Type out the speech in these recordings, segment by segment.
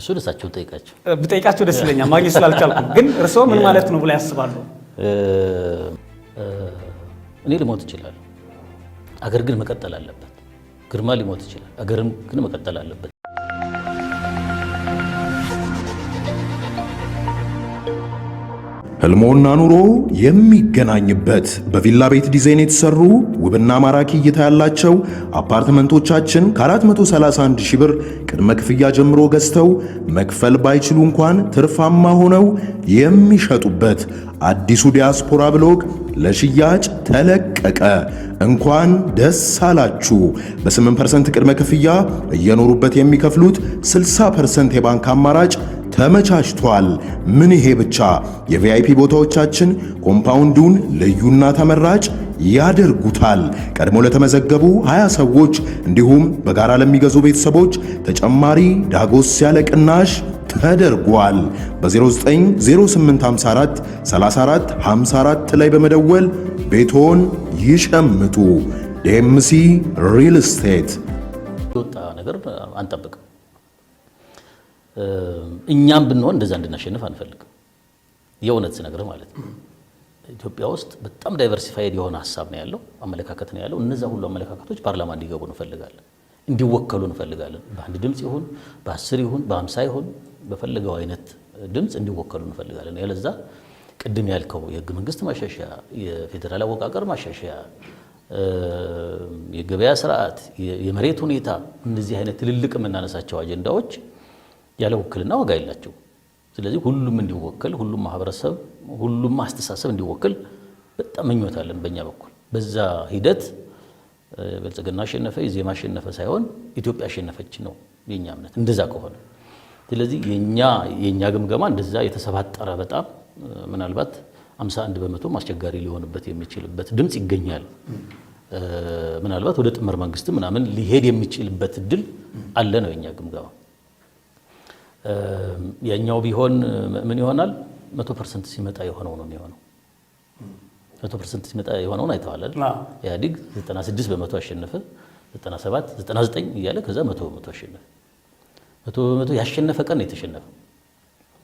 እሱ እሳቸው ጠይቃቸው ብጠይቃቸው ደስ ይለኛል፣ ማግኘት ስላልቻልኩ። ግን እርስዎ ምን ማለት ነው ብላ ያስባሉ? እኔ ሊሞት ይችላል፣ አገር ግን መቀጠል አለበት። ግርማ ሊሞት ይችላል፣ አገርም ግን መቀጠል አለበት። ህልሞና ኑሮ የሚገናኝበት በቪላ ቤት ዲዛይን የተሰሩ ውብና ማራኪ እይታ ያላቸው አፓርትመንቶቻችን ከ431 ሺህ ብር ቅድመ ክፍያ ጀምሮ ገዝተው መክፈል ባይችሉ እንኳን ትርፋማ ሆነው የሚሸጡበት አዲሱ ዲያስፖራ ብሎግ ለሽያጭ ተለቀቀ። እንኳን ደስ አላችሁ። በ8% ቅድመ ክፍያ እየኖሩበት የሚከፍሉት 60% የባንክ አማራጭ ተመቻችቷል። ምን ይሄ ብቻ! የቪአይፒ ቦታዎቻችን ኮምፓውንዱን ልዩና ተመራጭ ያደርጉታል። ቀድሞ ለተመዘገቡ 20 ሰዎች እንዲሁም በጋራ ለሚገዙ ቤተሰቦች ተጨማሪ ዳጎስ ያለ ቅናሽ ተደርጓል። በ090854 34 ላይ በመደወል ቤቶን ይሸምጡ። ዴምሲ ሪል ስቴት የወጣ ነገር አንጠብቅም። እኛም ብንሆን እንደዛ እንድናሸንፍ አንፈልግም። የእውነት ነገር ማለት ነው። ኢትዮጵያ ውስጥ በጣም ዳይቨርሲፋይድ የሆነ ሀሳብ ነው ያለው፣ አመለካከት ነው ያለው። እነዛ ሁሉ አመለካከቶች ፓርላማ እንዲገቡ እንፈልጋለን፣ እንዲወከሉ እንፈልጋለን። በአንድ ድምፅ ይሁን በአስር ይሁን በአምሳ ይሁን በፈለገው አይነት ድምፅ እንዲወከሉ እንፈልጋለን። ያለዛ ቅድም ያልከው የህገ መንግስት ማሻሻያ፣ የፌዴራል አወቃቀር ማሻሻያ፣ የገበያ ስርዓት፣ የመሬት ሁኔታ፣ እንደዚህ አይነት ትልልቅ የምናነሳቸው አጀንዳዎች ያለ ውክልና ዋጋ የላቸው። ስለዚህ ሁሉም እንዲወክል ሁሉም ማህበረሰብ፣ ሁሉም አስተሳሰብ እንዲወክል በጣም እኞታለን በእኛ በኩል በዛ ሂደት ብልጽግና አሸነፈ፣ ኢዜማ አሸነፈ ሳይሆን ኢትዮጵያ አሸነፈች ነው የኛ እምነት። እንደዛ ከሆነ ስለዚህ የኛ የኛ ግምገማ እንደዛ የተሰባጠረ በጣም ምናልባት 51 በመቶ አስቸጋሪ ሊሆንበት የሚችልበት ድምፅ ይገኛል። ምናልባት ወደ ጥምር መንግስት ምናምን ሊሄድ የሚችልበት እድል አለ ነው የኛ ግምገማ። የኛው ቢሆን ምን ይሆናል? መቶ ፐርሰንት ሲመጣ የሆነው ነው የሚሆነው። መቶ ፐርሰንት ሲመጣ የሆነውን አይተዋል ኢህአዲግ 96 በመቶ አሸነፈ፣ 97፣ 99 እያለ ከዛ መቶ በመቶ አሸነፈ። መቶ በመቶ ያሸነፈ ቀን የተሸነፈ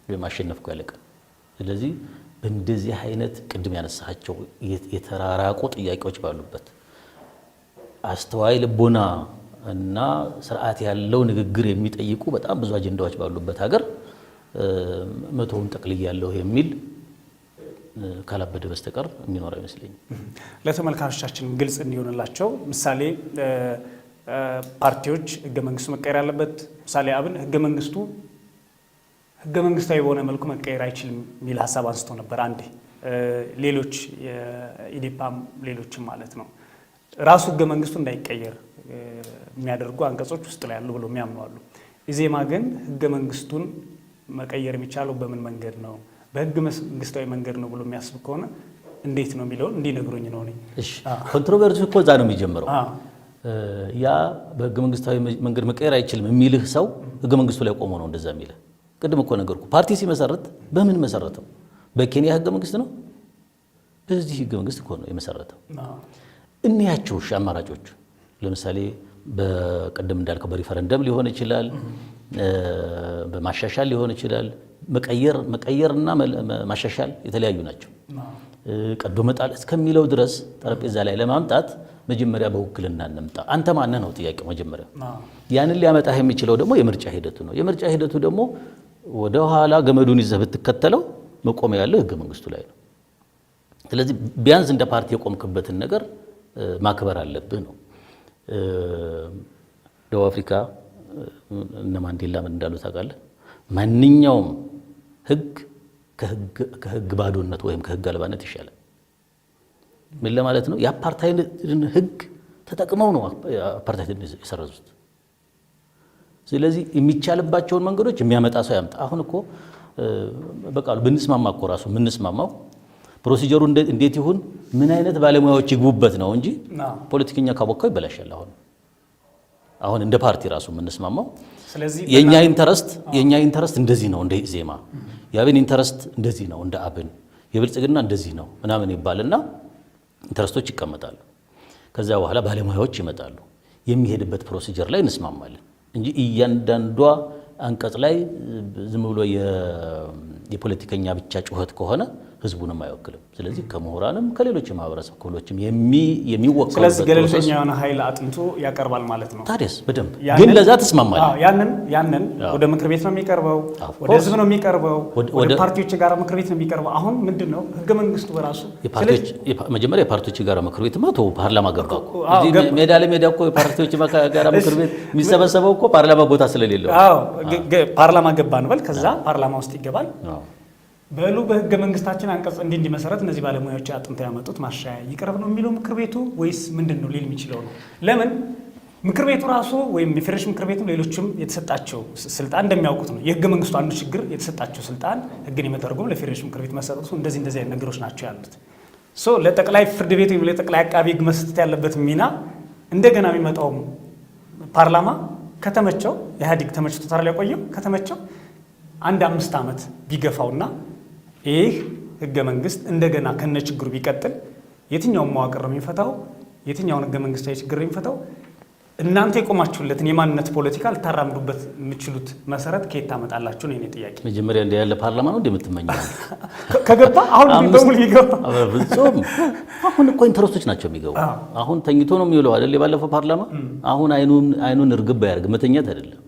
ወይም አሸነፍኩ ያለ ቀን። ስለዚህ በእንደዚህ አይነት ቅድም ያነሳቸው የተራራቁ ጥያቄዎች ባሉበት አስተዋይ ልቦና እና ስርዓት ያለው ንግግር የሚጠይቁ በጣም ብዙ አጀንዳዎች ባሉበት ሀገር መቶውን ያለው የሚል ካላበደ በስተቀር የሚኖር አይመስለኝም። ለተመልካቾቻችን ግልጽ እንዲሆንላቸው ምሳሌ ፓርቲዎች ህገ መንግስቱ መቀየር አለበት። ምሳሌ አብን ህገ መንግስቱ ህገ መንግስታዊ በሆነ መልኩ መቀየር አይችልም የሚል ሀሳብ አንስቶ ነበር አንዴ። ሌሎች የኢዴፓም ሌሎችም ማለት ነው ራሱ ህገ መንግስቱ እንዳይቀየር የሚያደርጉ አንቀጾች ውስጥ ላይ ያሉ ብሎ የሚያምኑ አሉ። ኢዜማ ግን ህገ መንግስቱን መቀየር የሚቻለው በምን መንገድ ነው፣ በህገ መንግስታዊ መንገድ ነው ብሎ የሚያስብ ከሆነ እንዴት ነው የሚለውን እንዲነግሩኝ ነው። ኮንትሮቨርሲ እኮ እዛ ነው የሚጀምረው። ያ በህገ መንግስታዊ መንገድ መቀየር አይችልም የሚልህ ሰው ህገ መንግስቱ ላይ ቆሞ ነው እንደዛ የሚልህ። ቅድም እኮ ነገርኩ። ፓርቲ ሲመሰረት በምን መሰረተው? በኬንያ ህገ መንግስት ነው። በዚህ ህገ መንግስት እኮ ነው የመሰረተው። እንያቸው አማራጮች ለምሳሌ በቅድም እንዳልከው በሪፈረንደም ሊሆን ይችላል፣ በማሻሻል ሊሆን ይችላል። መቀየር መቀየርና ማሻሻል የተለያዩ ናቸው። ቀዶ መጣል እስከሚለው ድረስ ጠረጴዛ ላይ ለማምጣት መጀመሪያ በውክልና እንምጣ። አንተ ማነህ ነው ጥያቄው መጀመሪያ። ያንን ሊያመጣህ የሚችለው ደግሞ የምርጫ ሂደቱ ነው። የምርጫ ሂደቱ ደግሞ ወደ ኋላ ገመዱን ይዘህ ብትከተለው መቆም ያለው ህገ መንግስቱ ላይ ነው። ስለዚህ ቢያንስ እንደ ፓርቲ የቆምክበትን ነገር ማክበር አለብህ ነው። ደቡብ አፍሪካ እነ ማንዴላ ምን እንዳሉ ታውቃለህ? ማንኛውም ህግ ከህግ ባዶነት ወይም ከህግ አልባነት ይሻላል። ምን ለማለት ነው? የአፓርታይድን ህግ ተጠቅመው ነው አፓርታይድ የሰረዙት። ስለዚህ የሚቻልባቸውን መንገዶች የሚያመጣ ሰው ያምጣ። አሁን እኮ በቃሉ ብንስማማ እኮ ራሱ የምንስማማው ፕሮሲጀሩ እንዴት ይሁን ምን አይነት ባለሙያዎች ይግቡበት ነው እንጂ ፖለቲከኛ ካቦካው ይበላሻል። አሁን አሁን እንደ ፓርቲ ራሱ የምንስማማው የእኛ ኢንተረስት የእኛ ኢንተረስት እንደዚህ ነው እንደ ዜማ የአብን ኢንተረስት እንደዚህ ነው እንደ አብን የብልጽግና እንደዚህ ነው ምናምን ይባልና ኢንተረስቶች ይቀመጣሉ። ከዚያ በኋላ ባለሙያዎች ይመጣሉ። የሚሄድበት ፕሮሲጀር ላይ እንስማማለን እንጂ እያንዳንዷ አንቀጽ ላይ ዝም ብሎ የፖለቲከኛ ብቻ ጩኸት ከሆነ ህዝቡንም አይወክልም። ስለዚህ ከምሁራንም ከሌሎች የማህበረሰብ ክፍሎችም የሚወከሉ ስለዚህ ገለልተኛ የሆነ ኃይል አጥንቶ ያቀርባል ማለት ነው። ታዲያስ በደንብ ግን ለዛ ተስማማል። ያንን ያንን ወደ ምክር ቤት ነው የሚቀርበው፣ ወደ ህዝብ ነው የሚቀርበው፣ ወደ ፓርቲዎች የጋራ ምክር ቤት ነው የሚቀርበው። አሁን ምንድን ነው ህገ መንግስቱ በራሱ መጀመሪያ የፓርቲዎች የጋራ ምክር ቤት ማቶ ፓርላማ ገባ እኮ ሜዳ ለሜዳ እኮ የፓርቲዎች ጋራ ምክር ቤት የሚሰበሰበው እኮ ፓርላማ ቦታ ስለሌለው ፓርላማ ገባ እንበል። ከዛ ፓርላማ ውስጥ ይገባል በሉ በህገ መንግስታችን አንቀጽ እንዲህ እንዲመሰረት እነዚህ ባለሙያዎች አጥንተው ያመጡት ማሻያ ይቅረብ ነው የሚለው ምክር ቤቱ ወይስ ምንድን ነው ሊል የሚችለው ነው? ለምን ምክር ቤቱ ራሱ ወይም የፌዴሬሽን ምክር ቤቱ ሌሎችም የተሰጣቸው ስልጣን እንደሚያውቁት ነው። የህገ መንግስቱ አንዱ ችግር የተሰጣቸው ስልጣን ህግን የመተርጎም ለፌዴሬሽን ምክር ቤት መሰጠቱ፣ እንደዚህ እንደዚህ አይነት ነገሮች ናቸው ያሉት። ሶ ለጠቅላይ ፍርድ ቤት ወይም ለጠቅላይ አቃቢ ህግ መስጠት ያለበት ሚና እንደገና የሚመጣውም ፓርላማ ከተመቸው ኢህአዴግ ተመችቶታል ያቆየው ከተመቸው አንድ አምስት ዓመት ቢገፋውና ይህ ህገ መንግስት እንደገና ከነ ችግሩ ቢቀጥል የትኛውን መዋቅር ነው የሚፈታው? የትኛውን ህገ መንግስታዊ ችግር ነው የሚፈታው? እናንተ የቆማችሁለትን የማንነት ፖለቲካ ልታራምዱበት የምችሉት መሰረት ከየት ታመጣላችሁ ነው የእኔ ጥያቄ። መጀመሪያ እንደ ያለ ፓርላማ ነው እንደምትመኘው ከገባ አሁን በሙሉ ይገባ ፍጹም። አሁን እኮ ኢንተረስቶች ናቸው የሚገቡ። አሁን ተኝቶ ነው የሚውለው አይደል? የባለፈው ፓርላማ አሁን አይኑን እርግብ አያርግ መተኛት አይደለም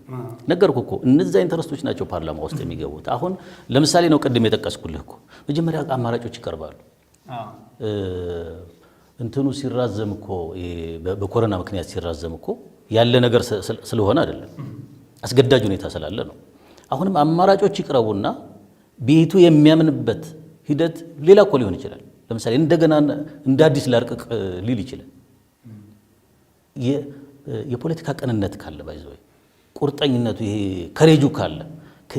ነገርኩ እኮ እነዛ ኢንተረስቶች ናቸው ፓርላማ ውስጥ የሚገቡት። አሁን ለምሳሌ ነው ቅድም የጠቀስኩልህ እኮ መጀመሪያ አማራጮች ይቀርባሉ እንትኑ ሲራዘም እኮ በኮረና ምክንያት ሲራዘም እኮ ያለ ነገር ስለሆነ አይደለም፣ አስገዳጅ ሁኔታ ስላለ ነው። አሁንም አማራጮች ይቅረቡና ቤቱ የሚያምንበት ሂደት ሌላ እኮ ሊሆን ይችላል። ለምሳሌ እንደገና እንደ አዲስ ላርቅቅ ሊል ይችላል። የፖለቲካ ቅንነት ካለ ባይዘ ቁርጠኝነቱ ይሄ ከሬጁ ካለ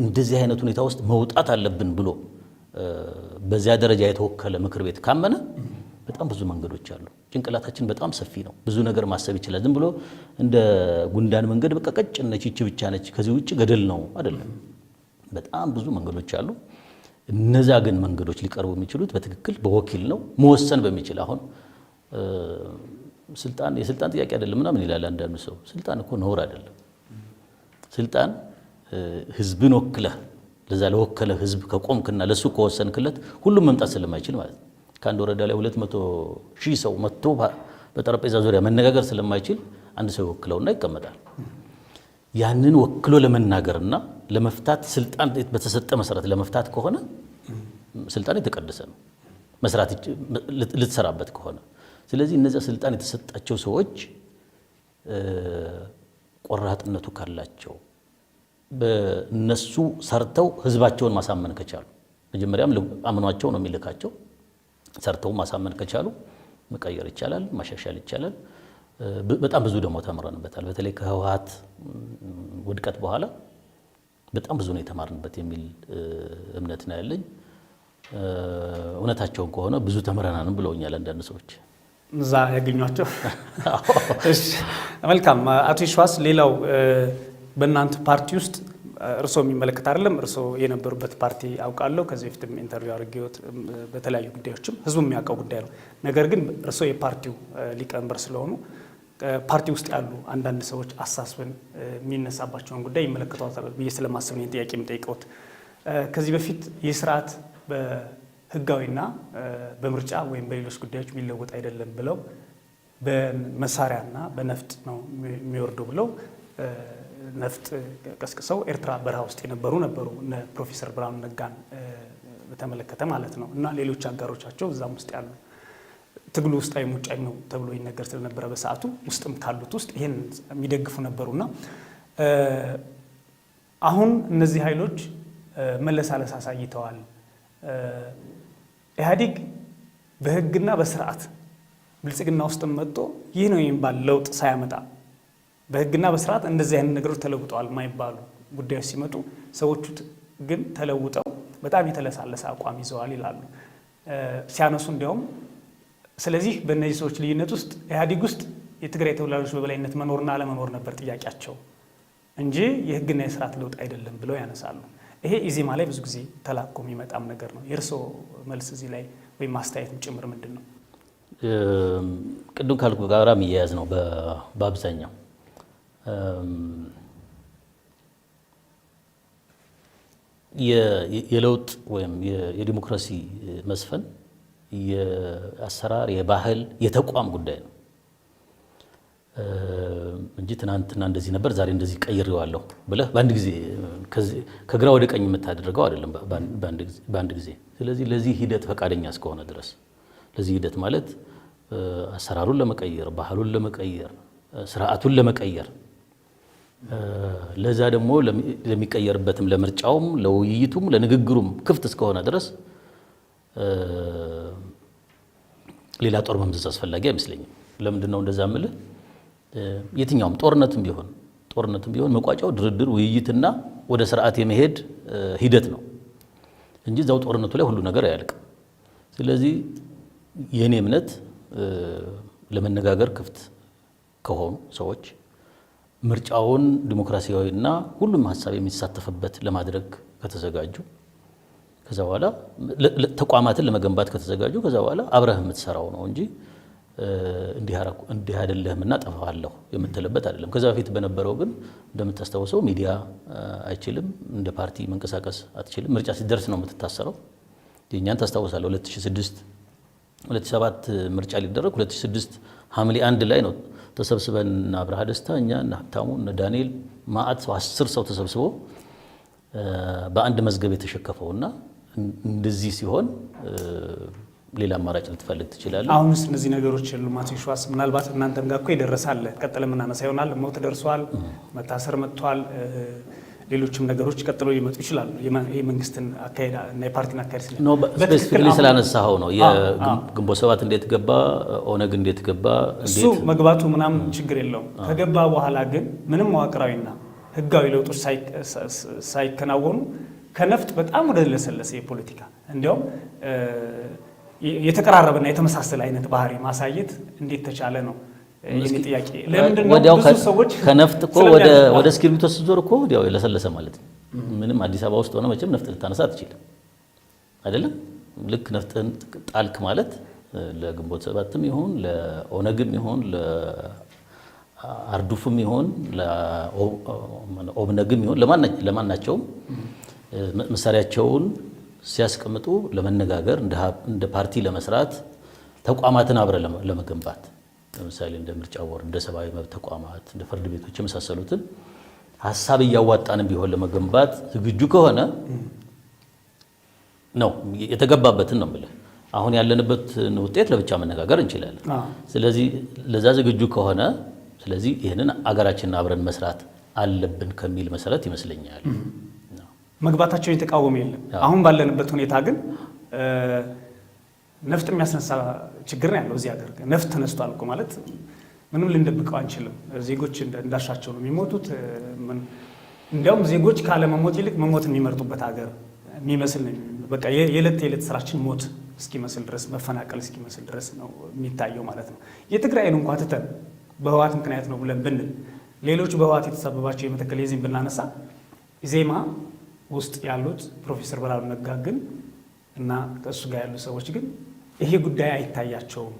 እንደዚህ አይነት ሁኔታ ውስጥ መውጣት አለብን ብሎ በዚያ ደረጃ የተወከለ ምክር ቤት ካመነ በጣም ብዙ መንገዶች አሉ። ጭንቅላታችን በጣም ሰፊ ነው። ብዙ ነገር ማሰብ ይችላል። ዝም ብሎ እንደ ጉንዳን መንገድ በቃ ቀጭን ነች፣ ይቺ ብቻ ነች፣ ከዚህ ውጭ ገደል ነው አይደለም። በጣም ብዙ መንገዶች አሉ። እነዛ ግን መንገዶች ሊቀርቡ የሚችሉት በትክክል በወኪል ነው መወሰን በሚችል አሁን ስልጣን የስልጣን ጥያቄ አይደለም ምናምን ይላል አንዳንዱ ሰው። ስልጣን እኮ ነውር አይደለም። ስልጣን ህዝብን ወክለህ ለዛ ለወከለ ህዝብ ከቆምክና ለሱ ከወሰንክለት ሁሉም መምጣት ስለማይችል ማለት ነው ከአንድ ወረዳ ላይ 200 ሺህ ሰው መጥቶ በጠረጴዛ ዙሪያ መነጋገር ስለማይችል አንድ ሰው ይወክለውና ይቀመጣል። ያንን ወክሎ ለመናገርና ለመፍታት ስልጣን በተሰጠ መሰረት ለመፍታት ከሆነ ስልጣን የተቀደሰ ነው፣ መስራት ልትሰራበት ከሆነ። ስለዚህ እነዚያ ስልጣን የተሰጣቸው ሰዎች ቆራጥነቱ ካላቸው በእነሱ ሰርተው ህዝባቸውን ማሳመን ከቻሉ መጀመሪያም አምኗቸው ነው የሚልካቸው ሰርተው ማሳመን ከቻሉ መቀየር ይቻላል፣ ማሻሻል ይቻላል። በጣም ብዙ ደግሞ ተምረንበታል። በተለይ ከህወሀት ውድቀት በኋላ በጣም ብዙ ነው የተማርንበት የሚል እምነት ነው ያለኝ። እውነታቸውን ከሆነ ብዙ ተምረናንም ብለውኛል አንዳንድ ሰዎች እዛ ያገኟቸው። መልካም አቶ ይሸዋስ፣ ሌላው በእናንተ ፓርቲ ውስጥ እርስዎ የሚመለከት አይደለም። እርስዎ የነበሩበት ፓርቲ አውቃለሁ። ከዚህ በፊትም ኢንተርቪው አድርጌዎት በተለያዩ ጉዳዮችም ህዝቡ የሚያውቀው ጉዳይ ነው። ነገር ግን እርስዎ የፓርቲው ሊቀመንበር ስለሆኑ ፓርቲ ውስጥ ያሉ አንዳንድ ሰዎች አሳስበን የሚነሳባቸውን ጉዳይ ይመለከቷታል ብዬ ስለማስብ ነው ጥያቄ የምጠይቀውት። ከዚህ በፊት ይህ ስርዓት በህጋዊና በምርጫ ወይም በሌሎች ጉዳዮች የሚለወጥ አይደለም ብለው በመሳሪያና በነፍጥ ነው የሚወርዱ ብለው ነፍጥ ቀስቅሰው ኤርትራ በረሃ ውስጥ የነበሩ ነበሩ እነ ፕሮፌሰር ብርሃኑ ነጋን በተመለከተ ማለት ነው እና ሌሎች አጋሮቻቸው እዛም ውስጥ ያሉ ትግሉ ውስጣዊ ሙጫዊ ነው ተብሎ ይነገር ስለነበረ በሰዓቱ ውስጥም ካሉት ውስጥ ይህን የሚደግፉ ነበሩና አሁን እነዚህ ኃይሎች መለሳለስ አሳይተዋል። ኢህአዴግ በህግና በስርዓት ብልጽግና ውስጥም መጥቶ ይህ ነው የሚባል ለውጥ ሳያመጣ በህግና በስርዓት እንደዚህ አይነት ነገሮች ተለውጠዋል ማይባሉ ጉዳዮች ሲመጡ ሰዎቹ ግን ተለውጠው በጣም የተለሳለሰ አቋም ይዘዋል ይላሉ ሲያነሱ እንዲያውም። ስለዚህ በእነዚህ ሰዎች ልዩነት ውስጥ ኢህአዲግ ውስጥ የትግራይ ተወላጆች በበላይነት መኖርና አለመኖር ነበር ጥያቄያቸው እንጂ የህግና የስርዓት ለውጥ አይደለም ብለው ያነሳሉ። ይሄ ኢዜማ ላይ ብዙ ጊዜ ተላኮ የሚመጣም ነገር ነው። የእርስዎ መልስ እዚህ ላይ ወይም ማስተያየትም ጭምር ምንድን ነው? ቅዱም ካልኩ ጋራ የሚያያዝ ነው በአብዛኛው የለውጥ ወይም የዲሞክራሲ መስፈን የአሰራር፣ የባህል፣ የተቋም ጉዳይ ነው እንጂ ትናንትና እንደዚህ ነበር ዛሬ እንደዚህ ቀይሬዋለሁ ብለህ በአንድ ጊዜ ከግራ ወደ ቀኝ የምታደርገው አይደለም በአንድ ጊዜ። ስለዚህ ለዚህ ሂደት ፈቃደኛ እስከሆነ ድረስ ለዚህ ሂደት ማለት አሰራሩን ለመቀየር፣ ባህሉን ለመቀየር፣ ስርዓቱን ለመቀየር ለዛ ደግሞ ለሚቀየርበትም ለምርጫውም ለውይይቱም ለንግግሩም ክፍት እስከሆነ ድረስ ሌላ ጦር መምዘዝ አስፈላጊ አይመስለኝም። ለምንድን ነው እንደዛ ምልህ? የትኛውም ጦርነትም ቢሆን ጦርነትም ቢሆን መቋጫው ድርድር፣ ውይይትና ወደ ስርዓት የመሄድ ሂደት ነው እንጂ እዛው ጦርነቱ ላይ ሁሉ ነገር አያልቅም። ስለዚህ የእኔ እምነት ለመነጋገር ክፍት ከሆኑ ሰዎች ምርጫውን ዲሞክራሲያዊና ሁሉም ሀሳብ የሚሳተፍበት ለማድረግ ከተዘጋጁ ከዛ በኋላ ተቋማትን ለመገንባት ከተዘጋጁ ከዛ በኋላ አብረህ የምትሰራው ነው እንጂ እንዲህ አይደለህም እና ጠፋለሁ የምትልበት አይደለም። ከዛ በፊት በነበረው ግን እንደምታስታውሰው ሚዲያ አይችልም፣ እንደ ፓርቲ መንቀሳቀስ አትችልም። ምርጫ ሲደርስ ነው የምትታሰረው። የእኛን ታስታውሳለህ 2006 2007 ምርጫ ሊደረግ 2006 ሐምሌ አንድ ላይ ነው ተሰብስበን እና ብርሃ ደስታ እኛ ሀብታሙ እነ ዳንኤል ማአት አስር ሰው ተሰብስቦ በአንድ መዝገብ የተሸከፈው እና እንደዚህ ሲሆን ሌላ አማራጭ ልትፈልግ ትችላለህ። አሁንስ እነዚህ ነገሮች የሉም። አቶ ሸዋስ ምናልባት እናንተም ጋር እኮ ይደረሳል። ቀጥለ ምናነሳ ይሆናል። ሞት ደርሷል፣ መታሰር መጥቷል። ሌሎችም ነገሮች ቀጥሎ ሊመጡ ይችላሉ። የመንግስትን አካሄድ እና የፓርቲን አካሄድ ስፔሲፊክሊ ስላነሳኸው ነው። የግንቦት ሰባት እንዴት ገባ፣ ኦነግ እንዴት ገባ፣ እሱ መግባቱ ምናምን ችግር የለውም። ከገባ በኋላ ግን ምንም መዋቅራዊና ህጋዊ ለውጦች ሳይከናወኑ ከነፍጥ በጣም ወደ ለሰለሰ የፖለቲካ እንዲያውም የተቀራረበና የተመሳሰለ አይነት ባህሪ ማሳየት እንዴት ተቻለ ነው። ወዲያው ከነፍጥ እኮ ወደ እስክርቢቶ ስትዞር እኮ ወዲያው የለሰለሰ ማለት ነው። ምንም አዲስ አበባ ውስጥ ሆነ መቼም ነፍጥ ልታነሳ አትችልም። አይደለም ልክ ነፍጥህን ጣልክ ማለት ለግንቦት ሰባትም ይሁን ለኦነግም ይሁን ለአርዱፍም ይሁን ለኦብነግም ይሁን ለማናቸውም መሳሪያቸውን ሲያስቀምጡ ለመነጋገር እንደ ፓርቲ ለመስራት ተቋማትን አብረ ለመገንባት ለምሳሌ እንደ ምርጫ ቦርድ፣ እንደ ሰብአዊ መብት ተቋማት፣ እንደ ፍርድ ቤቶች የመሳሰሉትን ሀሳብ እያዋጣንም ቢሆን ለመገንባት ዝግጁ ከሆነ ነው የተገባበትን ነው የምልህ። አሁን ያለንበትን ውጤት ለብቻ መነጋገር እንችላለን። ስለዚህ ለዛ ዝግጁ ከሆነ ስለዚህ ይህንን አገራችንን አብረን መስራት አለብን ከሚል መሰረት ይመስለኛል መግባታቸውን የተቃወመ የለም። አሁን ባለንበት ሁኔታ ግን ነፍጥ የሚያስነሳ ችግር ነው ያለው እዚህ ሀገር። ነፍጥ ተነስቷል እኮ ማለት ምንም ልንደብቀው አንችልም። ዜጎች እንዳሻቸው ነው የሚሞቱት። እንዲያውም ዜጎች ካለመሞት ይልቅ መሞት የሚመርጡበት ሀገር የሚመስል በቃ የዕለት የዕለት ስራችን ሞት እስኪመስል ድረስ መፈናቀል እስኪመስል ድረስ ነው የሚታየው ማለት ነው። የትግራይን እንኳ ትተን በህዋት ምክንያት ነው ብለን ብንል ሌሎቹ በህዋት የተሳበባቸው የመተከል ዜን ብናነሳ ዜማ ውስጥ ያሉት ፕሮፌሰር ብርሃኑ ነጋ ግን እና ከእሱ ጋር ያሉ ሰዎች ግን ይሄ ጉዳይ አይታያቸውም፣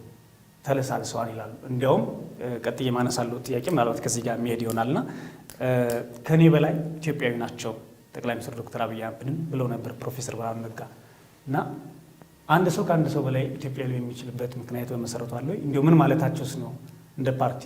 ተለሳልሰዋል ይላሉ። እንዲያውም ቀጥዬ የማነሳለው ጥያቄ ምናልባት ከዚህ ጋር የሚሄድ ይሆናልና ከእኔ በላይ ኢትዮጵያዊ ናቸው ጠቅላይ ሚኒስትር ዶክተር አብይ አህመድን ብለው ነበር ፕሮፌሰር ብርሃኑ ነጋ እና አንድ ሰው ከአንድ ሰው በላይ ኢትዮጵያ ሊሆን የሚችልበት ምክንያት በመሰረቱ አለ። እንዲሁ ምን ማለታቸውስ ነው እንደ ፓርቲ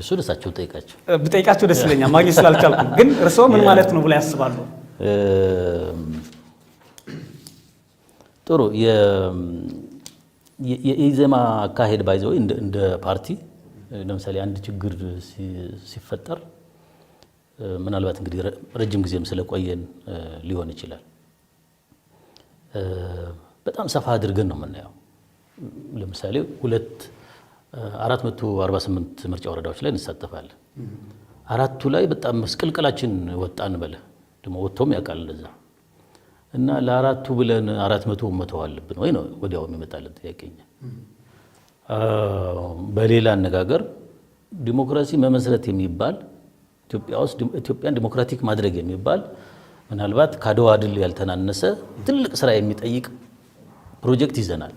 እሱ እርሳቸው ጠይቃቸው ብጠይቃቸው ደስ ይለኛል። ማግኘት ስላልቻልኩ። ግን እርስዎ ምን ማለት ነው ብላ ያስባሉ? ጥሩ የኢዜማ አካሄድ ባይዘ እንደ ፓርቲ ለምሳሌ አንድ ችግር ሲፈጠር ምናልባት እንግዲህ ረጅም ጊዜም ስለቆየን ሊሆን ይችላል። በጣም ሰፋ አድርገን ነው የምናየው። ለምሳሌ ሁለት 448 ምርጫ ወረዳዎች ላይ እንሳተፋለን። አራቱ ላይ በጣም መስቀልቀላችን ወጣን በለ ደሞ ወጥቶም ያውቃል እንደዛ እና ለአራቱ ብለን አራት መቶ መተው አለብን ወይ ነው ወዲያው የሚመጣልን ጥያቄኛ። በሌላ አነጋገር ዲሞክራሲ መመስረት የሚባል ኢትዮጵያ ውስጥ ኢትዮጵያን ዲሞክራቲክ ማድረግ የሚባል ምናልባት ከአድዋ ድል ያልተናነሰ ትልቅ ስራ የሚጠይቅ ፕሮጀክት ይዘናል።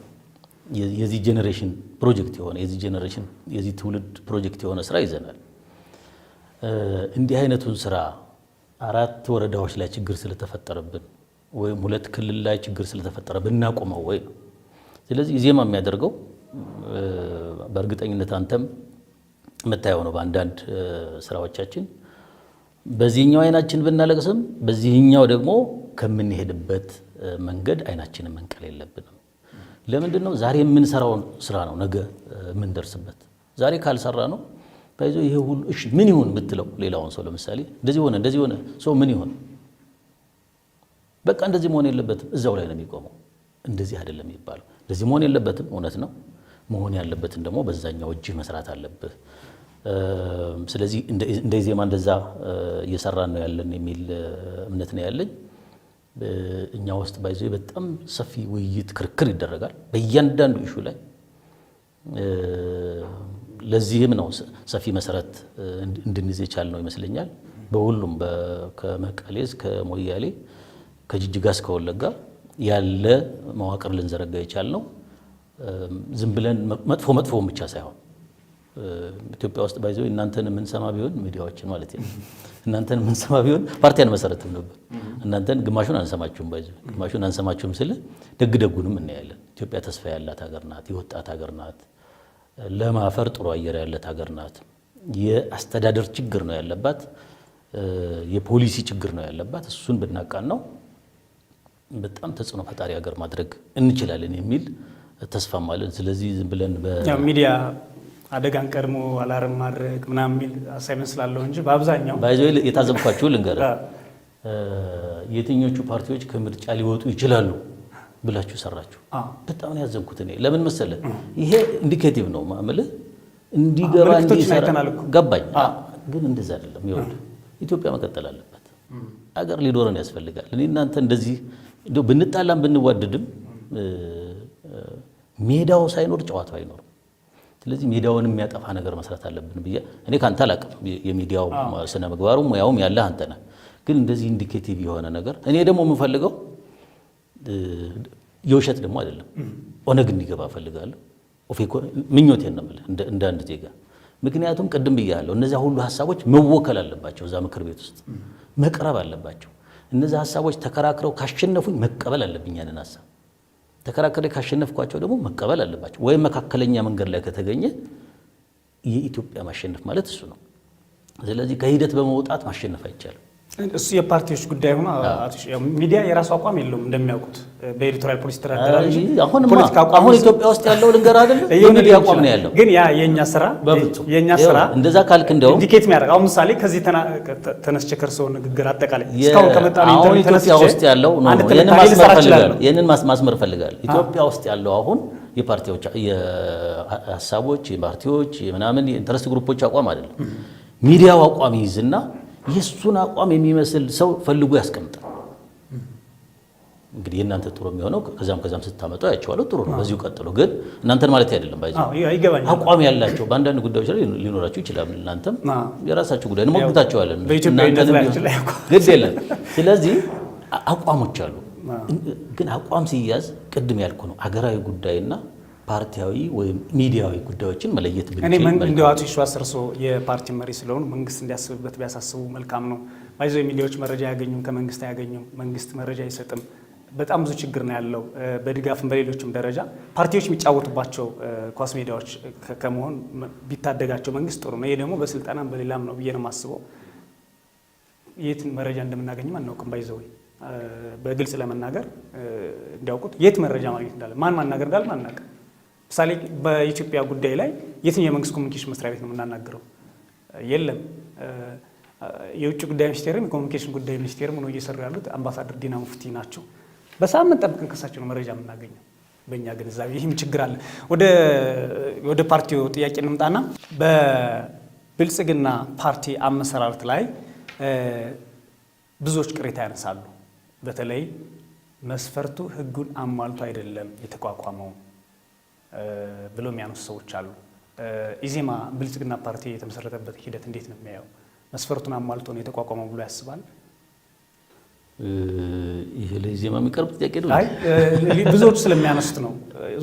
የዚህ ጄኔሬሽን ፕሮጀክት የሆነ የዚህ ጄኔሬሽን የዚህ ትውልድ ፕሮጀክት የሆነ ስራ ይዘናል። እንዲህ አይነቱን ስራ አራት ወረዳዎች ላይ ችግር ስለተፈጠረብን ወይም ሁለት ክልል ላይ ችግር ስለተፈጠረ እናቁመው ወይ ነው። ስለዚህ ዜማ የሚያደርገው በእርግጠኝነት አንተም የምታየው ነው። በአንዳንድ ስራዎቻችን በዚህኛው አይናችን ብናለቅስም፣ በዚህኛው ደግሞ ከምንሄድበት መንገድ አይናችንን መንቀል የለብንም። ለምንድን ነው ዛሬ የምንሰራውን ስራ ነው ነገ የምንደርስበት። ዛሬ ካልሰራ ነው ይዞ ይሄ ሁሉ እሺ ምን ይሁን ብትለው ሌላውን ሰው ለምሳሌ እንደዚህ ሆነ እንደዚህ ሆነ ሰው ምን ይሆን በቃ እንደዚህ መሆን የለበትም እዛው ላይ ነው የሚቆመው። እንደዚህ አይደለም የሚባለው። እንደዚህ መሆን የለበትም እውነት ነው። መሆን ያለበትን ደግሞ በዛኛው እጅህ መስራት አለብህ። ስለዚህ እንደ ዜማ እንደዛ እየሰራን ነው ያለን የሚል እምነት ነው ያለኝ። እኛ ውስጥ ባይዘ በጣም ሰፊ ውይይት፣ ክርክር ይደረጋል በእያንዳንዱ ኢሹ ላይ። ለዚህም ነው ሰፊ መሰረት እንድንይዝ ነው ይመስለኛል። በሁሉም ከመቀሌ እስከ ሞያሌ ከጅጅጋ እስከ ወለጋ ያለ መዋቅር ልንዘረጋ ነው። ዝም ብለን መጥፎ መጥፎ ብቻ ሳይሆን ኢትዮጵያ ውስጥ ባይዘ እናንተን የምንሰማ ቢሆን ሚዲያዎችን ማለት ነው። እናንተን የምንሰማ ቢሆን ፓርቲ አንመሰረትም ነበር። እናንተን ግማሹን አንሰማችሁም፣ ባይዘው ግማሹን አንሰማችሁም ስል ደግ ደጉንም እናያለን። ኢትዮጵያ ተስፋ ያላት ሀገር ናት። የወጣት ሀገር ናት። ለማፈር ጥሩ አየር ያለት ሀገር ናት። የአስተዳደር ችግር ነው ያለባት፣ የፖሊሲ ችግር ነው ያለባት። እሱን ብናቃን ነው በጣም ተጽዕኖ ፈጣሪ ሀገር ማድረግ እንችላለን የሚል ተስፋም አለን። ስለዚህ ዝም ብለን ሚዲያ አደጋን ቀድሞ አላርም ማድረግ ምናምን የሚል አሳይመንት ስላለው እንጂ በአብዛኛው ባይዞ የታዘብኳችሁ ልንገር፣ የትኞቹ ፓርቲዎች ከምርጫ ሊወጡ ይችላሉ ብላችሁ ሰራችሁ? በጣም ነው ያዘንኩት እኔ። ለምን መሰለህ ይሄ ኢንዲኬቲቭ ነው ማምልህ እንዲገባ ገባኝ። ግን እንደዚ አይደለም። ይኸውልህ ኢትዮጵያ መቀጠል አለበት፣ አገር ሊኖረን ያስፈልጋል። እኔ እናንተ እንደዚህ ብንጣላም ብንዋደድም ሜዳው ሳይኖር ጨዋታው አይኖርም። ስለዚህ ሚዲያውን የሚያጠፋ ነገር መስራት አለብን ብዬ እኔ ከአንተ አላቅም። የሚዲያው ስነ ምግባሩ ሙያውም ያለህ አንተ ነህ። ግን እንደዚህ ኢንዲኬቲቭ የሆነ ነገር እኔ ደግሞ የምፈልገው የውሸት ደግሞ አይደለም። ኦነግ እንዲገባ እፈልጋለሁ። ኦፌኮ ምኞቴን ነው የምልህ እንደ አንድ ዜጋ። ምክንያቱም ቅድም ብያለሁ፣ እነዚያ ሁሉ ሀሳቦች መወከል አለባቸው። እዛ ምክር ቤት ውስጥ መቅረብ አለባቸው። እነዚያ ሀሳቦች ተከራክረው ካሸነፉኝ መቀበል አለብኝ ያንን ሀሳብ ተከራከሬ ካሸነፍኳቸው ደግሞ መቀበል አለባቸው። ወይም መካከለኛ መንገድ ላይ ከተገኘ የኢትዮጵያ ማሸነፍ ማለት እሱ ነው። ስለዚህ ከሂደት በመውጣት ማሸነፍ አይቻልም። እሱ የፓርቲዎች ጉዳይ ሆኖ ሚዲያ የራሱ አቋም የለውም። እንደሚያውቁት በኤዲቶሪያል ፖሊሲ ይተዳደራል። አሁን ኢትዮጵያ ውስጥ ያለው ልንገር አይደለም የሚዲያ አቋም ነው ያለው። ግን ያ የእኛ ስራ የእኛ ስራ እንደዛ ካልክ እንደውም ኢንዲኬት የሚያደርግ አሁን ምሳሌ ከዚህ ተነስቼ ከእርስዎ ንግግር አጠቃላይ እስካሁን ከመጣ አሁን ኢትዮጵያ ውስጥ ያለው ይህንን ማስመር ፈልጋል ኢትዮጵያ ውስጥ ያለው አሁን የፓርቲዎች የሀሳቦች የፓርቲዎች ምናምን የኢንተረስት ግሩፖች አቋም አይደለም። ሚዲያው አቋም ይይዝና የእሱን አቋም የሚመስል ሰው ፈልጎ ያስቀምጣል። እንግዲህ የእናንተ ጥሩ የሚሆነው ከዛም ከዛም ስታመጡ ያቸዋለሁ። ጥሩ ነው፣ በዚሁ ቀጥሎ ግን እናንተን ማለት አይደለም። አቋም ያላቸው በአንዳንድ ጉዳዮች ላይ ሊኖራቸው ይችላል። እናንተም የራሳቸው ጉዳይ እንሞግታቸዋለን፣ ግድ የለም። ስለዚህ አቋሞች አሉ። ግን አቋም ሲያዝ ቅድም ያልኩ ነው አገራዊ ጉዳይና ፓርቲያዊ ወይም ሚዲያዊ ጉዳዮችን መለየት ብንችል እንዲሁ አቶ ይሸዋስ እርስዎ የፓርቲ መሪ ስለሆኑ መንግስት እንዲያስብበት ቢያሳስቡ መልካም ነው። ባይዘው የሚዲያዎች መረጃ አያገኙም፣ ከመንግስት አያገኙም፣ መንግስት መረጃ አይሰጥም። በጣም ብዙ ችግር ነው ያለው። በድጋፍም በሌሎችም ደረጃ ፓርቲዎች የሚጫወቱባቸው ኳስ ሜዳዎች ከመሆን ቢታደጋቸው መንግስት ጥሩ ነው። ይሄ ደግሞ በስልጠናም በሌላም ነው ብዬ ነው የማስበው። የትን መረጃ እንደምናገኝም አናውቅም። ባይዘው በግልጽ ለመናገር እንዲያውቁት የት መረጃ ማግኘት እንዳለ ማን ማናገር እንዳለ አናውቅም። ምሳሌ በኢትዮጵያ ጉዳይ ላይ የትኛው የመንግስት ኮሚኒኬሽን መስሪያ ቤት ነው የምናናገረው? የለም። የውጭ ጉዳይ ሚኒስቴርም የኮሚኒኬሽን ጉዳይ ሚኒስቴርም ነው እየሰሩ ያሉት። አምባሳደር ዲና ሙፍቲ ናቸው። በሳምንት ጠብቀን ከሳቸው ነው መረጃ የምናገኘው። በእኛ ግንዛቤ ይህም ችግር አለ። ወደ ፓርቲው ጥያቄ እንምጣና በብልጽግና ፓርቲ አመሰራረት ላይ ብዙዎች ቅሬታ ያነሳሉ። በተለይ መስፈርቱ ህጉን አሟልቶ አይደለም የተቋቋመውን ብለው የሚያነሱ ሰዎች አሉ። ኢዜማ ብልጽግና ፓርቲ የተመሰረተበት ሂደት እንዴት ነው የሚያየው? መስፈርቱን አሟልቶ ነው የተቋቋመው ብሎ ያስባል? ይህ ለኢዜማ የሚቀርብ ጥያቄ ነው። ስለሚያነሱት ነው።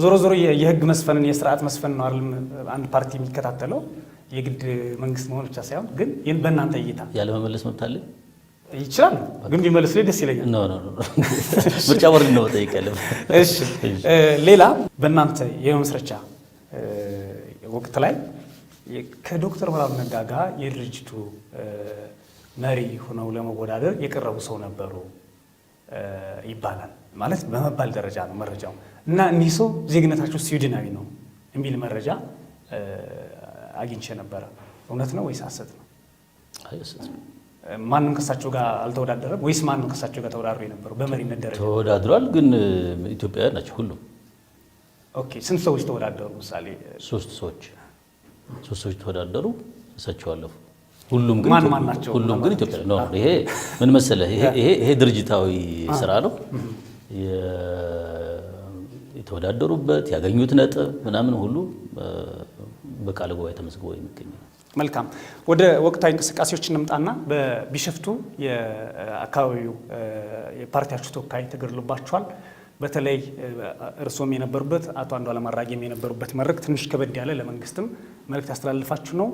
ዞሮ ዞሮ የህግ መስፈንን የስርዓት መስፈን ነው አይደል? አንድ ፓርቲ የሚከታተለው የግድ መንግስት መሆን ብቻ ሳይሆን ግን በእናንተ እይታ ያለመመለስ መብት ይችላል ግን ቢመልስ ላይ ደስ ይለኛል። ምርጫ ቦርድ ነው ጠይቀልም። እሺ ሌላ በእናንተ የመስረቻ ወቅት ላይ ከዶክተር መራሩ ነጋ ጋር የድርጅቱ መሪ ሆነው ለመወዳደር የቀረቡ ሰው ነበሩ ይባላል። ማለት በመባል ደረጃ ነው መረጃው እና እኒህ ሰው ዜግነታቸው ስዊድናዊ ነው የሚል መረጃ አግኝቼ ነበረ። እውነት ነው ወይስ ሐሰት ነው? ማንም ከሳቸው ጋር አልተወዳደረም ወይስ ማንም ከሳቸው ጋር ተወዳድሮ የነበረው በመሪነት ደረጃ ተወዳድሯል? ግን ኢትዮጵያውያን ናቸው ሁሉም። ኦኬ ስንት ሰዎች ተወዳደሩ? ምሳሌ ሶስት ሰዎች ሶስት ሰዎች ተወዳደሩ፣ እሳቸው አለፉ። ሁሉም ግን ሁሉም ግን ኢትዮጵያ ነው። ይሄ ምን መሰለ፣ ይሄ ድርጅታዊ ስራ ነው የተወዳደሩበት ያገኙት ነጥብ ምናምን ሁሉ በቃለ ጉባኤ ተመዝግቦ የሚገኘው መልካም ወደ ወቅታዊ እንቅስቃሴዎች እንምጣና በቢሸፍቱ የአካባቢው የፓርቲያችሁ ተወካይ ተገድሎባቸዋል። በተለይ እርሶም የነበሩበት አቶ አንዷ አራጌም የነበሩበት መድረክ ትንሽ ከበድ ያለ ለመንግስትም መልእክት ያስተላልፋችሁ ነው።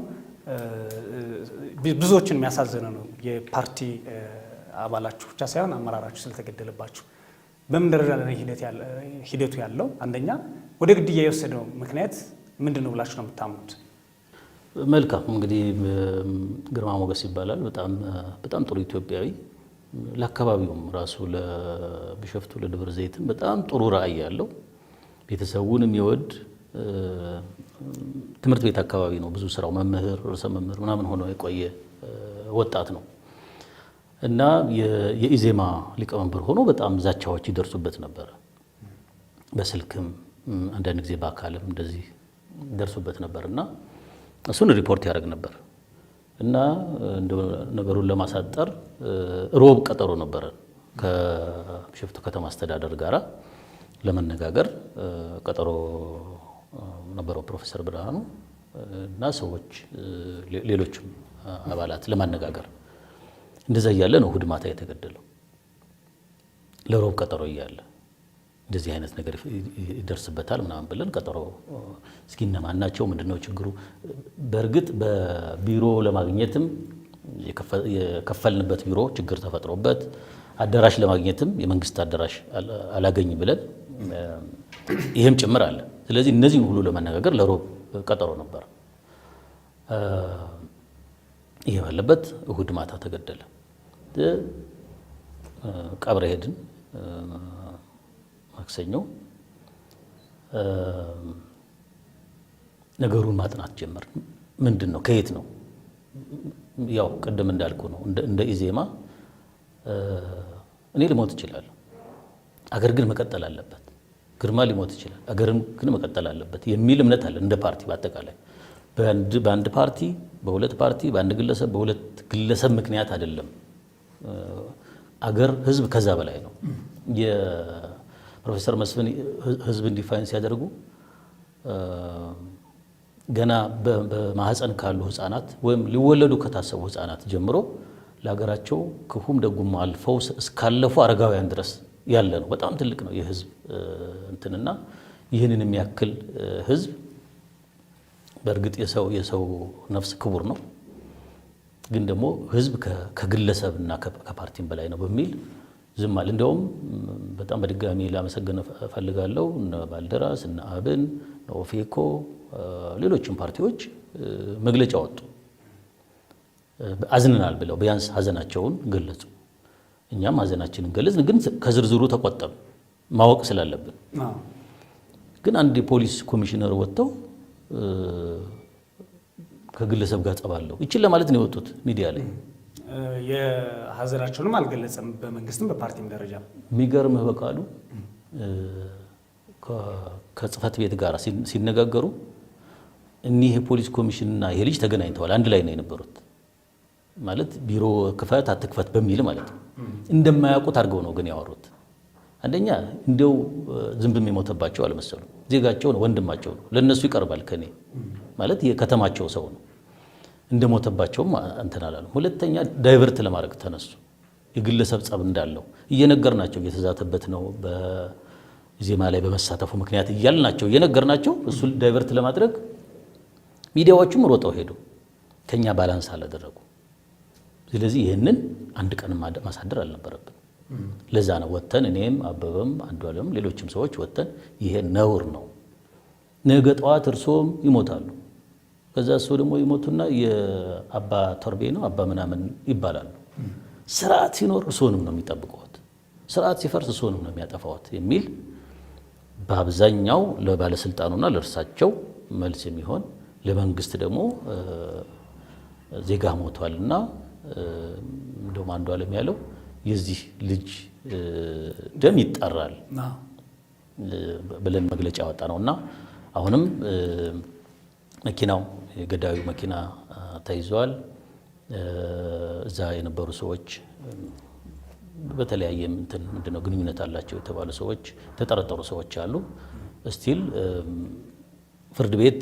ብዙዎችን የሚያሳዝነ ነው። የፓርቲ አባላችሁ ብቻ ሳይሆን አመራራችሁ ስለተገደለባችሁ በምን ደረጃ ላይ ሂደቱ ያለው አንደኛ፣ ወደ ግድያ የወሰደው ምክንያት ምንድን ነው ብላችሁ ነው የምታምኑት? መልካም እንግዲህ ግርማ ሞገስ ይባላል። በጣም ጥሩ ኢትዮጵያዊ፣ ለአካባቢውም ራሱ ለቢሸፍቱ ለደብረ ዘይትም በጣም ጥሩ ራዕይ ያለው ቤተሰቡን የሚወድ ትምህርት ቤት አካባቢ ነው ብዙ ስራው፣ መምህር ርዕሰ መምህር ምናምን ሆኖ የቆየ ወጣት ነው እና የኢዜማ ሊቀመንበር ሆኖ በጣም ዛቻዎች ይደርሱበት ነበረ። በስልክም አንዳንድ ጊዜ በአካልም እንደዚህ ይደርሱበት ነበር እና እሱን ሪፖርት ያደርግ ነበር እና ነገሩን ለማሳጠር ሮብ ቀጠሮ ነበረ ከቢሾፍቱ ከተማ አስተዳደር ጋር ለመነጋገር ቀጠሮ ነበረው ፕሮፌሰር ብርሃኑ እና ሰዎች ሌሎችም አባላት ለማነጋገር እንደዛ እያለ ነው እሑድ ማታ የተገደለው ለሮብ ቀጠሮ እያለ እንደዚህ አይነት ነገር ይደርስበታል ምናምን ብለን ቀጠሮ እስኪ እነማን ናቸው፣ ምንድነው ችግሩ። በእርግጥ በቢሮ ለማግኘትም የከፈልንበት ቢሮ ችግር ተፈጥሮበት አዳራሽ ለማግኘትም የመንግስት አዳራሽ አላገኝ ብለን ይህም ጭምር አለ። ስለዚህ እነዚህን ሁሉ ለመነጋገር ለሮብ ቀጠሮ ነበር። ይሄ ባለበት እሁድ ማታ ተገደለ። ቀብረ ሄድን። ማክሰኞ ነገሩን ማጥናት ጀመር ምንድን ነው ከየት ነው? ያው ቅድም እንዳልኩ ነው እንደ ኢዜማ እኔ ልሞት እችላለሁ፣ አገር ግን መቀጠል አለበት። ግርማ ሊሞት ይችላል፣ አገር ግን መቀጠል አለበት የሚል እምነት አለ እንደ ፓርቲ በአጠቃላይ በአንድ ፓርቲ በሁለት ፓርቲ በአንድ ግለሰብ በሁለት ግለሰብ ምክንያት አይደለም። አገር ህዝብ ከዛ በላይ ነው። ፕሮፌሰር መስፍን ህዝብን ዲፋይን ሲያደርጉ ገና በማህፀን ካሉ ህፃናት ወይም ሊወለዱ ከታሰቡ ህፃናት ጀምሮ ለሀገራቸው ክፉም ደጉም አልፈው እስካለፉ አረጋውያን ድረስ ያለ ነው። በጣም ትልቅ ነው የህዝብ እንትንና ይህንን የሚያክል ህዝብ በእርግጥ የሰው የሰው ነፍስ ክቡር ነው፣ ግን ደግሞ ህዝብ ከግለሰብና ከፓርቲም በላይ ነው በሚል ዝም አለ። በጣም በድጋሚ ላመሰገን ፈልጋለሁ እነ ባልደራስ፣ እነ አብን፣ ኦፌኮ፣ ሌሎችም ፓርቲዎች መግለጫ ወጡ። አዝንናል ብለው ቢያንስ ሀዘናቸውን ገለጹ። እኛም ሀዘናችንን ገለጽን፣ ግን ከዝርዝሩ ተቆጠብ ማወቅ ስላለብን ግን አንድ የፖሊስ ኮሚሽነር ወጥተው ከግለሰብ ጋር ጸባለሁ ይችን ለማለት ነው የወጡት ሚዲያ ላይ የሀዘናቸውንም አልገለጸም በመንግስትም በፓርቲም ደረጃ። የሚገርምህ በቃሉ ከጽህፈት ቤት ጋር ሲነጋገሩ እኒህ የፖሊስ ኮሚሽንና ይሄ ልጅ ተገናኝተዋል። አንድ ላይ ነው የነበሩት ማለት ቢሮ ክፈት አትክፈት በሚል ማለት ነው። እንደማያውቁት አድርገው ነው ግን ያወሩት። አንደኛ እንደው ዝንብም የሞተባቸው አልመሰሉ ዜጋቸው ነው፣ ወንድማቸው ነው። ለእነሱ ይቀርባል ከኔ ማለት የከተማቸው ሰው ነው እንደሞተባቸውም እንትን አላሉ። ሁለተኛ ዳይቨርት ለማድረግ ተነሱ። የግለሰብ ጸብ እንዳለው እየነገርናቸው እየተዛተበት ነው ዜማ ላይ በመሳተፉ ምክንያት እያልናቸው እየነገርናቸው እሱ ዳይቨርት ለማድረግ ሚዲያዎቹም ሮጠው ሄዱ። ከኛ ባላንስ አላደረጉ። ስለዚህ ይህንን አንድ ቀን ማሳደር አልነበረብን። ለዛ ነው ወጥተን እኔም አበበም አንዷለም ሌሎችም ሰዎች ወጥተን ይሄ ነውር ነው፣ ነገ ጠዋት እርሶም ይሞታሉ ከዛ ሰው ደግሞ ይሞቱና የአባ ተርቤ ነው አባ ምናምን ይባላሉ። ስርዓት ሲኖር እሶንም ነው የሚጠብቀዎት፣ ስርዓት ሲፈርስ እሶንም ነው የሚያጠፋዎት የሚል በአብዛኛው ለባለስልጣኑና ለእርሳቸው መልስ የሚሆን ለመንግስት ደግሞ ዜጋ ሞቷል እና እንደውም አንዱ አለም ያለው የዚህ ልጅ ደም ይጠራል ብለን መግለጫ ያወጣ ነው እና አሁንም መኪናው የገዳዩ መኪና ተይዟል። እዛ የነበሩ ሰዎች በተለያየ እንትን ነው ግንኙነት አላቸው የተባሉ ሰዎች የተጠረጠሩ ሰዎች አሉ። እስቲል ፍርድ ቤት